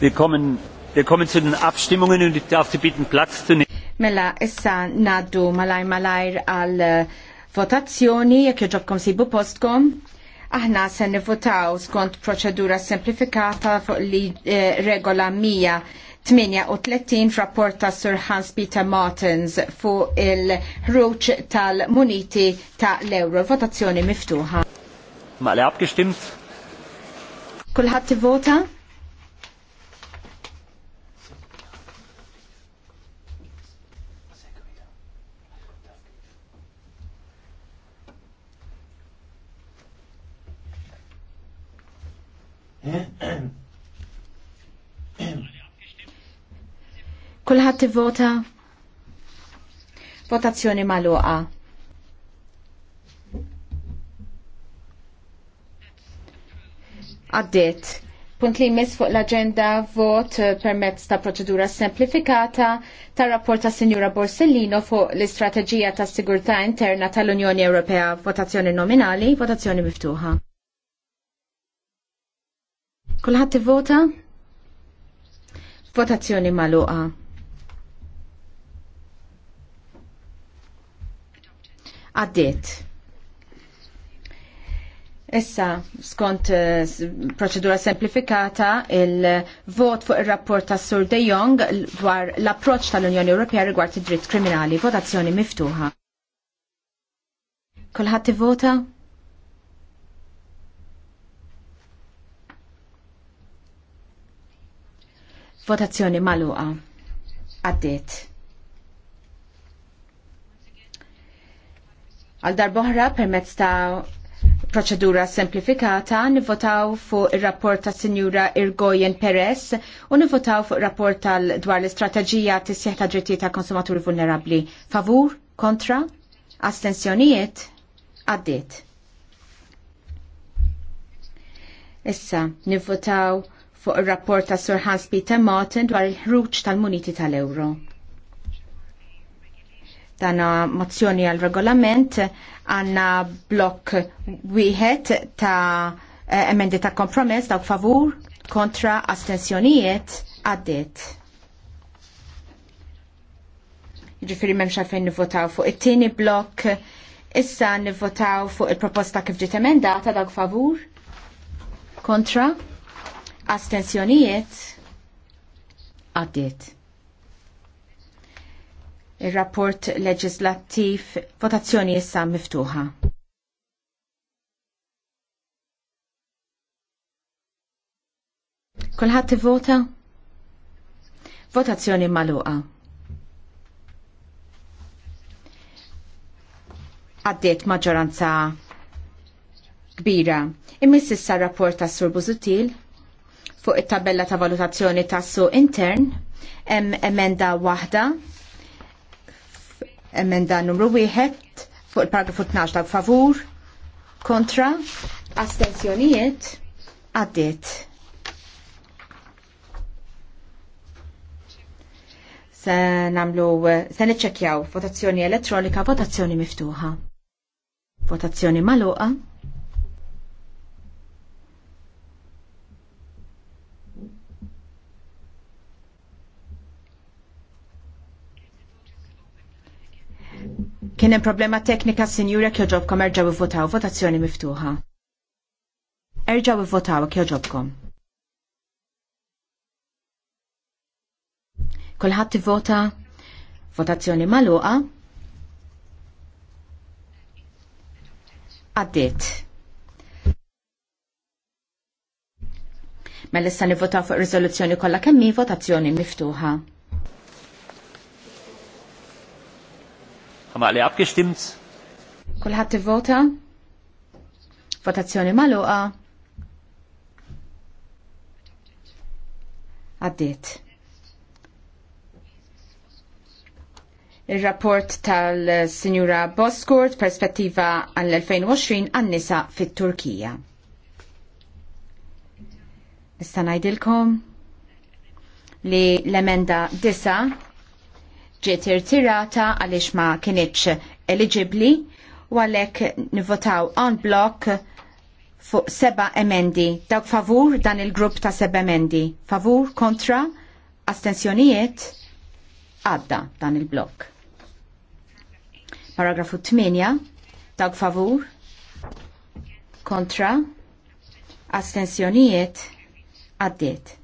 Wir kommen, zu den Abstimmungen und ich darf Sie bitten, Platz zu nehmen. Mela, issa naddu malaj malajr għal eh, votazzjoni, jekk joġobkom sibu postkom. Aħna se nivvotaw skont proċedura semplifikata fuq li eh, regola 138 frapport ta' Sir Hans Peter Martins fuq il-ħruċ tal-muniti ta' l-euro. Votazzjoni miftuħa. Ma li abgestimmt? Kulħadd tivvota? vota? Kulħadd vota votazzjoni magħluqa. Għaddiet. Punt li jmiss fuq l-agenda vot eh, permezz ta' proċedura semplifikata tar rapport ta' Sinjura Borsellino fuq l-istrateġija ta' sigurtà interna tal-Unjoni Ewropea votazzjoni nominali, votazzjoni miftuħa. Kulħadd ivvota? Votazzjoni magħluqa. Għaddiet. Issa, skont eh, proċedura semplifikata, il-vot fuq ir-rapport ta' Sur De Jong dwar l-approċċ tal-Unjoni Ewropea rigward id-dritt kriminali, votazzjoni miftuħa. Kulħadd ivvota? vota? Votazzjoni maluqa. Għaddiet. Għal darboħra permezz ta' proċedura semplifikata nivotaw fuq ir-rapport ta' Sinjura Irgojen Perez u nivvotaw fuq ir-rapport tal dwar l-istrateġija tisjeħ ta' drittijiet ta' konsumaturi vulnerabli. Favur? Kontra? Astensjonijiet? Għaddiet. Issa, nivvotaw fuq il-rapport ta' Sir Hans Peter Martin dwar il-ħruġ tal-muniti tal-euro. Dana mozzjoni għal regolament għanna blok wieħed ta' eh, emendi ta' kompromess dawk favur kontra astensjonijiet għaddit. Ġifiri memx għalfejn nivvotaw fuq it-tieni blok, issa nivvotaw fuq il-proposta kif ġiet emendata dawk favur kontra astensjonijiet għaddiet. Il-rapport leġislattiv votazzjoni issa miftuħa. Kulħadd vota? Votazzjoni maluqa. Għaddiet maġġoranza kbira. Immiss issa rapport tas Sur Buzutil fuq it-tabella ta' valutazzjoni tas-suq intern hemm emenda waħda emenda numru wieħed fuq il-paragrafu 12 ta' favur kontra astensjonijiet għaddiet. Se namlu se niċċekkjaw votazzjoni elettronika, votazzjoni miftuħa. Votazzjoni maluqa. Kien hemm problema teknika sinjura kjoġobkom erġgħu votaw votazzjoni miftuħa. Erġgħu votaw kjoġobkom. Kulħadd ivvota votazzjoni magħluqa. Għaddiet. Mela issa nivvotaw fuq riżoluzzjoni kollha kemm votazzjoni miftuħa. Haben alle abgestimmt? Kulħadd vota Votazzjoni magħluqa. Għaddit. Il-rapport tal-Sinjura Boskurt perspettiva għall-2020 għan-nisa fit-Turkija. Nista' ngħidilkom li l-emenda disa' ġiet irtirata għaliex ma kienieċ eligibli u għalhekk nivvotaw on block fuq seba emendi. Dawk favur dan il-grupp ta' seba emendi. Favur, kontra, astensjonijiet, għadda dan il-blok. Paragrafu 8, dawk favur, kontra, astensjonijiet, għaddiet.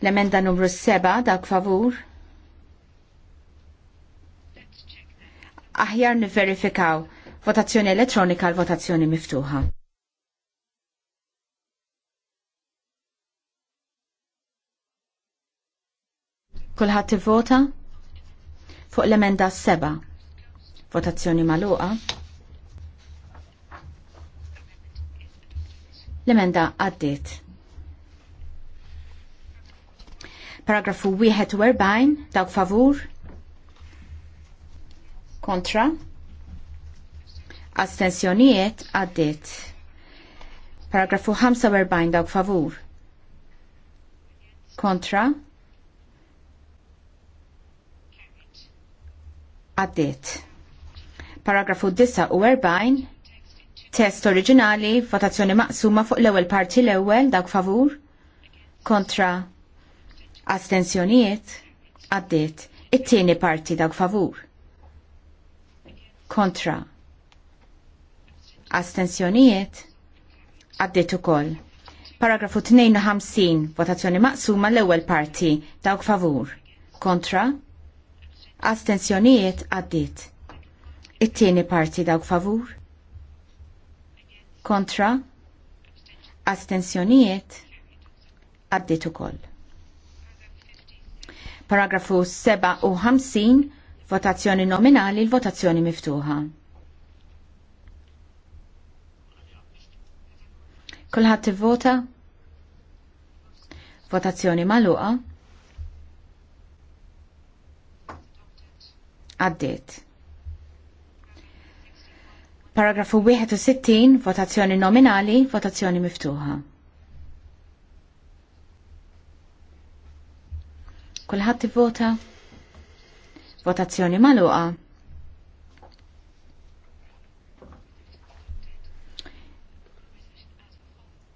L-emenda numru 7 dak favur. Aħjar niverifikaw votazzjoni elettronika l votazzjoni miftuħa. Kulħadd ivvota fuq l-emenda 7. Votazzjoni magħluqa? L-emenda għaddiet. Paragrafu 41, dawk favur. Kontra. Astensjonijiet għaddit. Paragrafu 45, dawk favur. Kontra. Għaddit. Paragrafu 49, Test oriġinali, votazzjoni maqsuma fuq l-ewwel parti l-ewwel dawk favur, kontra Astenzjonijiet għaddiet. It-tieni parti dawk favur. Kontra. Astenzjonijiet għaddiet ukoll. Paragrafu 52, votazzjoni maqsuma l-ewwel parti dawk favur. Kontra. Astenzjonijiet għaddiet. It-tieni parti dawk favur. Kontra. Astenzjonijiet għaddiet ukoll. Paragrafu 57, votazzjoni nominali, l-votazzjoni miftuħa. Kulħadd ivvota? Votazzjoni magħluqa? Għaddiet. Paragrafu 61, votazzjoni nominali, votazzjoni miftuħa. Kulħadd vota? Votazzjoni magħluqa.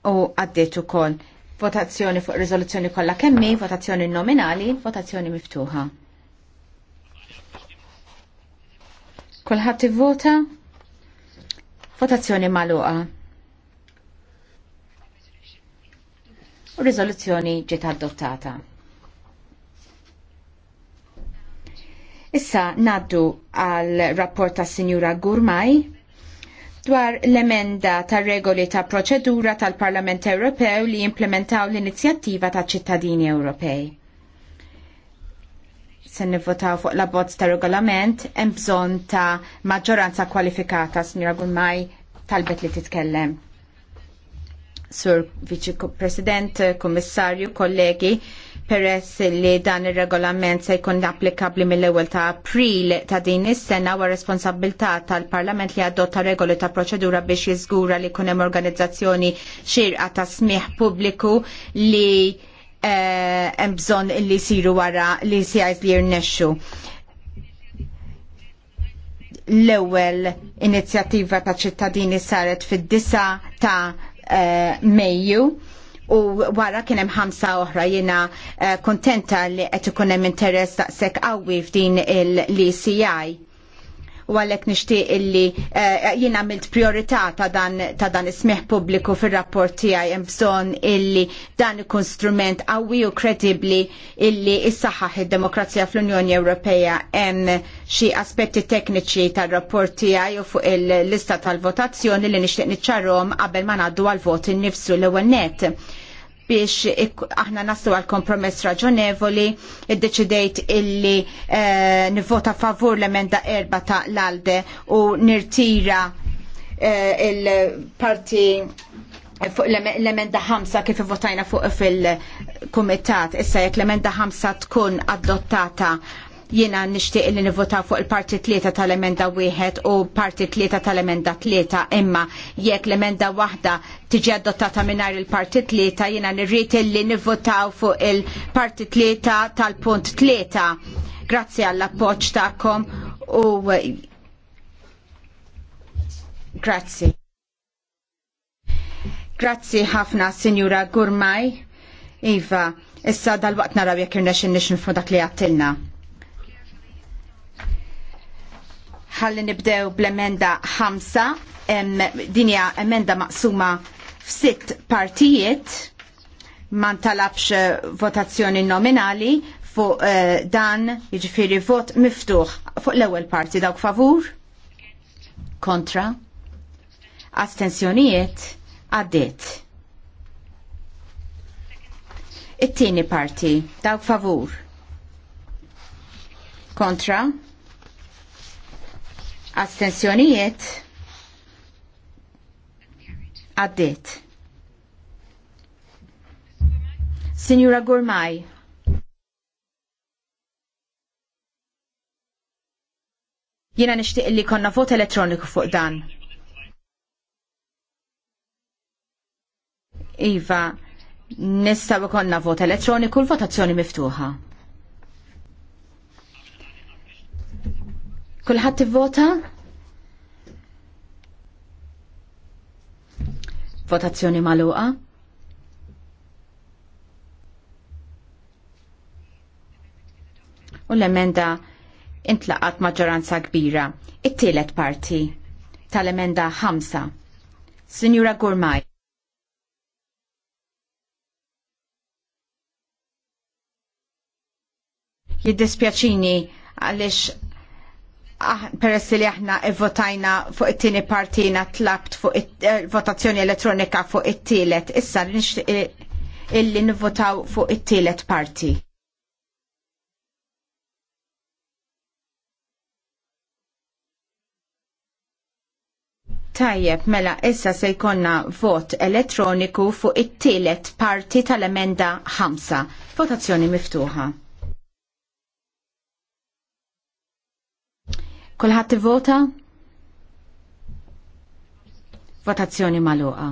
U għaddiet ukoll votazzjoni fuq riżoluzzjoni kollha kemmi, votazzjoni nominali, votazzjoni miftuħa. Kulħadd vota Votazzjoni magħluqa. u rizoluzzjoni ġiet adottata. Issa naddu għal rapport ta' Sinjura Gurmaj dwar l-emenda ta' regoli ta' proċedura tal-Parlament Ewropew li implementaw l-inizjattiva ta' ċittadini Ewropej se nivvotaw fuq la bozz ta' regolament hemm bżonn ta' maġġoranza kwalifikata, Sinjura Gurmaj, talbet li titkellem. Sur Viċi President, Kommissarju, kollegi, peress li dan ir-regolament se jkun applikabbli mill-ewwel ta' April ta' din is-sena wa responsabilità tal-Parlament li adotta regoli ta' proċedura biex jiżgura li jkun hemm organizzazzjoni xirqa ta' smigħ pubbliku li eh, hemm bżonn li jsiru wara li sijajz li jirnexxu l-ewwel inizjattiva ta' ċittadini saret fid-disa ta' Eh, Mejju u wara kien hemm ħamsa oħra jiena eh, kuntenta li qed ikun hemm interess daqshekk qawwi f'din il-LCI u għalhekk nixtieq illi eh, jien għamilt priorità ta' dan ta' dan ismeħ pubbliku fir-rapport tiegħi hemm bżonn illi dan ikun strument qawwi u kredibbli illi issaħħaħ id-demokrazija fl-Unjoni Ewropea hemm xi aspetti tekniċi tar-rapport tiegħi u fuq il-lista tal-votazzjoni li nixtieq niċċarhom qabel ma ngħaddu għal vot in-nifsu l-ewwel net biex aħna naslu għal kompromess raġonevoli, id-deċidejt illi eh, nivvota favur l-emenda erba ta' l-alde u nirtira eh, il-parti l-emenda ħamsa kif votajna fuq fil-komitat, issa jekk l-emenda ħamsa tkun adottata Jiena nixtieq li nivvotaw fuq il-parti tlieta tal-emenda wieħed u parti tlieta tal-emenda tlieta imma jekk l-emenda waħda tiġi adottata mingħajr il-parti tlieta jiena nirrid li nivvotaw fuq il-parti tlieta tal-punt tlieta. Grazzi għall-appoġġ tagħkom u grazzi. Grazzi ħafna, Sinjura Gurmaj. Iva, issa dal-waqt naraw jekk irnex nix dak li għattilna. ħalli nibdew bl-emenda 5, dinja emenda maqsuma f'sitt partijiet, ma ntalabx eh, votazzjoni nominali fuq eh, dan jiġifieri vot miftuħ fuq l-ewwel parti dawk favur, kontra, astensjonijiet, għaddit. It-tieni parti dawk favur, kontra, Astensjonijiet għaddit. Signora Gourmay. Jiena nixtieq li konna vot elettroniku fuq dan. Iva, nistaw konna vot elettroniku l-votazzjoni miftuħa. Kulħadd ivvota? Votazzjoni magħluqa? U l-emenda intlaqat maġġoranza kbira. It-tielet parti tal-emenda 5. Sinjura Gurmaj. Jiddispjaċini għalix Ah, peress li aħna votajna fuq it-tieni partina tlabt fuq eh, votazzjoni elettronika fuq it-tielet, issa illi nivvotaw fuq it-tielet parti. Tajjeb, mela issa se jkonna vot elettroniku fuq it-tielet parti tal-emenda 5. Votazzjoni miftuħa. Kulħadd ivvota? Votazzjoni magħluqa.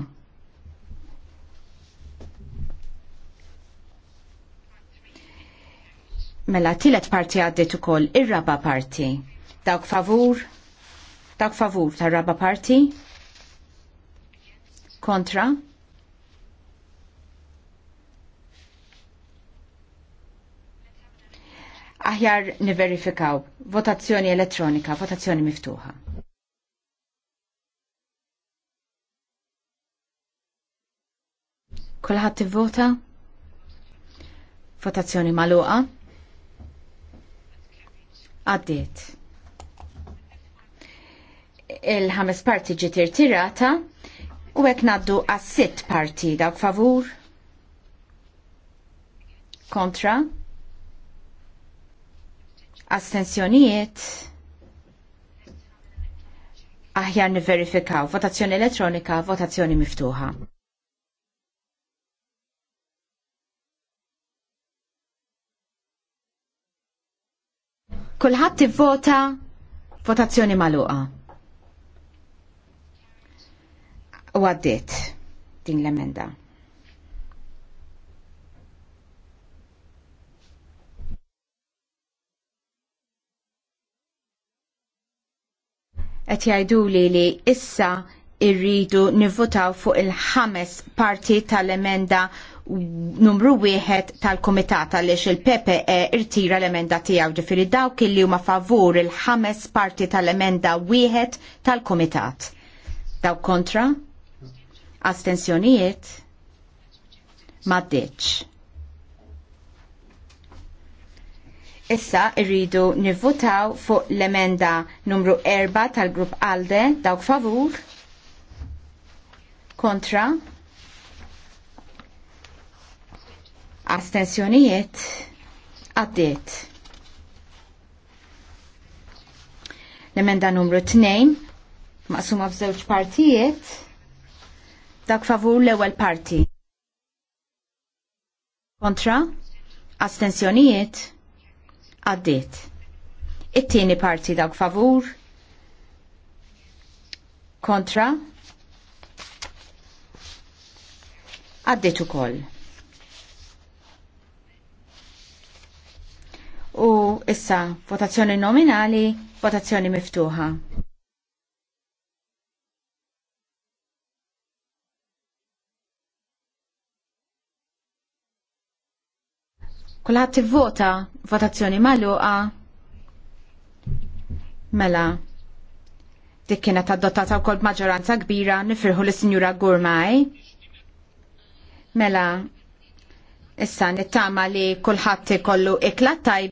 Mela tielet parti għaddit ukoll ir-raba parti. Dawk favur? Dawk favur tar-raba parti? Kontra? aħjar niverifikaw. Votazzjoni elettronika, votazzjoni miftuħa. Kulħadd tivvota? Votazzjoni magħluqa? Għaddiet. Il-ħames parti ġiet tirata. u hekk ngħaddu għas sitt parti dawk favur kontra astensjonijiet aħjar niverifikaw votazzjoni elettronika, votazzjoni miftuħa. Kulħadd tivvota votazzjoni magħluqa. U għaddiet din l-emenda. qed jgħiduli li issa irridu nivvotaw fuq il-ħames parti tal-emenda numru wieħed tal kumitat għaliex il-PPE irtira l-emenda tiegħu ġifieri dawk illi huma favur il-ħames parti tal-emenda wieħed tal-komitat. Daw kontra? Astensjonijiet? Maddeċ. Issa irridu nivvutaw fuq l-emenda numru 4 tal-grupp ALDE dawk favur kontra astensjonijiet għaddiet. L-emenda numru 2 maqsuma f'żewġ partijiet Dawk favur l-ewwel parti. Kontra? Astensjonijiet? għaddit. It-tieni parti dawk favur kontra għaddit ukoll. U issa votazzjoni nominali, votazzjoni miftuħa. Kulħadd vota votazzjoni magħluqa mela dik kienet adottata wkoll b'maġġoranza kbira nifirħu lis-Sinjura Gurmaj. Mela issa nittama li kulħadd ikollu ikla tajb